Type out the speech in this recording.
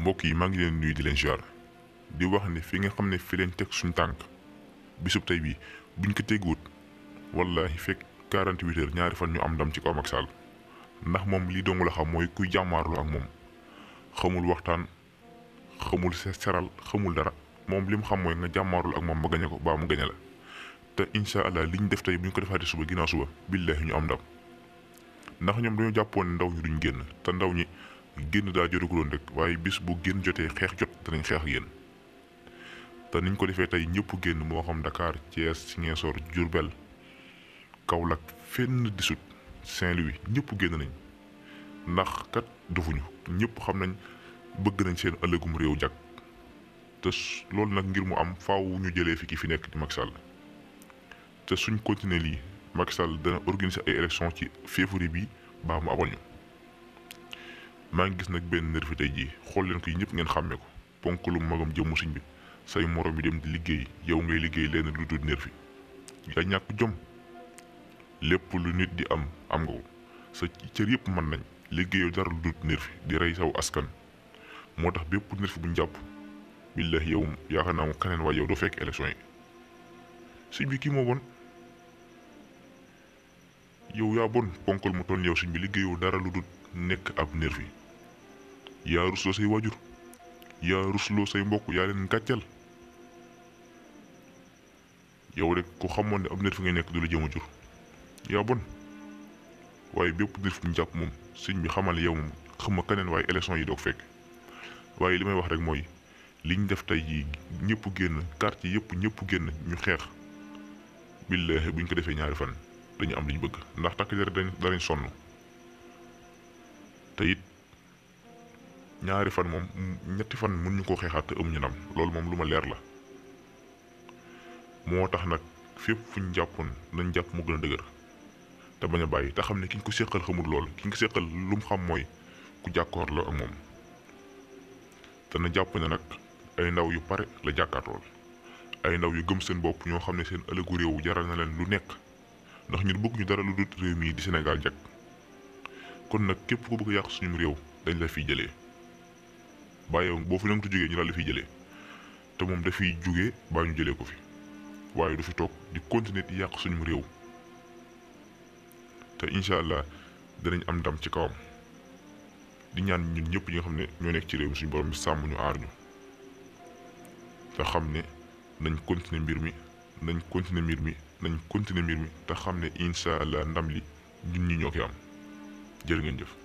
mbokk yi maa ngi leen nuyu di leen ziar di wax ni fi nga xam ne fi leen teg suñu tànk bi bisub tey bii buñ ko teguwut wallahi fekk 48 heures ñaari fan ñu am ndam ci ko Macky Sall ndax moom lii dong la xam mooy kuy jàmmaarlu ak moom xamul waxtaan xamul seral xamul dara moom li mu xam mooy nga jàmmaarlu ak moom ba gañe ko baa mu gañe la te incha allah li ñu def tey bu ñu ko defaatee suba ginnaaw suba billahi ñu am ndam ndax ñoom dañoo jàppoon ne ndaw ñi duñ génn te ndaw ñi. génn daa jotaguloon rek waaye bis bu génn jotee xeex jot danañ xeex ak yéen te niñ ko defee tey ñëpp génn moo xam ndakaar ci Dakar Thiès Ziguinchor Diourbel Kaolack fenn disut Saint-Louis ñëpp génn nañ ndax kat dofuñu ñëpp xam nañ bëgg nañ seen ëllëgum réew jag te loolu nag ngir mu am faaw ñu jëlee fi ki fi nekk di Macky Sall te suñ continuer lii Macky Sall dana organiser ay élections ci février bi baa mu abal ñu maa ngi gis nag benn nër fi tey jii xool leen ko yi ñëpp ngeen xàmme ko ponkalum magam jëmmu siñ bi say morom yi dem di liggéey yow ngay liggéey leen lu dul nër yaa ñàkk jom lépp lu nit di am am nga ko sa cër yëpp mën nañ liggéeyoo dara lu dul nër di rey saw askan moo tax bépp nër bu ñu jàpp billahi yow yaakaar naa mu keneen waaye yow doo fekk élection yi siñ bi kii moo bon yow yaa bon ponkal mu yow siñ bi liggéeyoo dara lu dul nekk ab nervi yaa rusloo say waajur yaa rusloo say mbokk yaa leen gàccal yow rek ku xamoon ne ab na fi nga nekk du la jëm a jur yaa bon waaye bépp nit fu mu jàpp moom sëñ bi xamal yow moom xam ma keneen waaye élection yi doog fekk waaye li may wax rek mooy liñ def tey jii ñëpp génn quartier yëpp ñëpp génn ñu xeex billaahi buñ ko defee ñaari fan dañu am liñ bëgg ndax takk der dañ darañ sonn te ñaari fan moom ñetti fan mun ñu ko xeexaat te am ñu ndam loolu moom lu ma leer la moo tax nag fépp fu ñu jàppoon nañ jàpp mu gën a dëgër te bañ a bàyyi te xam ne ki ñu ko séqal xamul lool ki ñu ko séqal lu mu xam mooy ku jàkkoor la ak moom te na jàpp ne nag ay ndaw yu pare la jàkkaarlool ay ndaw yu gëm seen bopp ñoo xam ne seen ëllëgu réew jaral na leen lu nekk ndax ñun bëgg ñu dara lu dut réew mii di Sénégal jag kon nag képp ku bëgg a yàq suñu réew dañ la fiy jëlee bàyyi boo fi nam tu jógee ñu daal di fiy te moom dafay jóge baa ñu jëlee ko fi waaye du fi toog di continuer di yàq suñu réew te incha allah danañ am ndam ci kawam di ñaan ñun ñëpp ñi xam ne ñoo nekk ci réew mi suñu borom bi sàmm ñu aar ñu te xam ne nañ continuer mbir mi nañ continuer mbir mi nañ continuer mbir mi te xam ne incha allah ndam li ñun ñi ñoo koy am jërë ngeen jëf.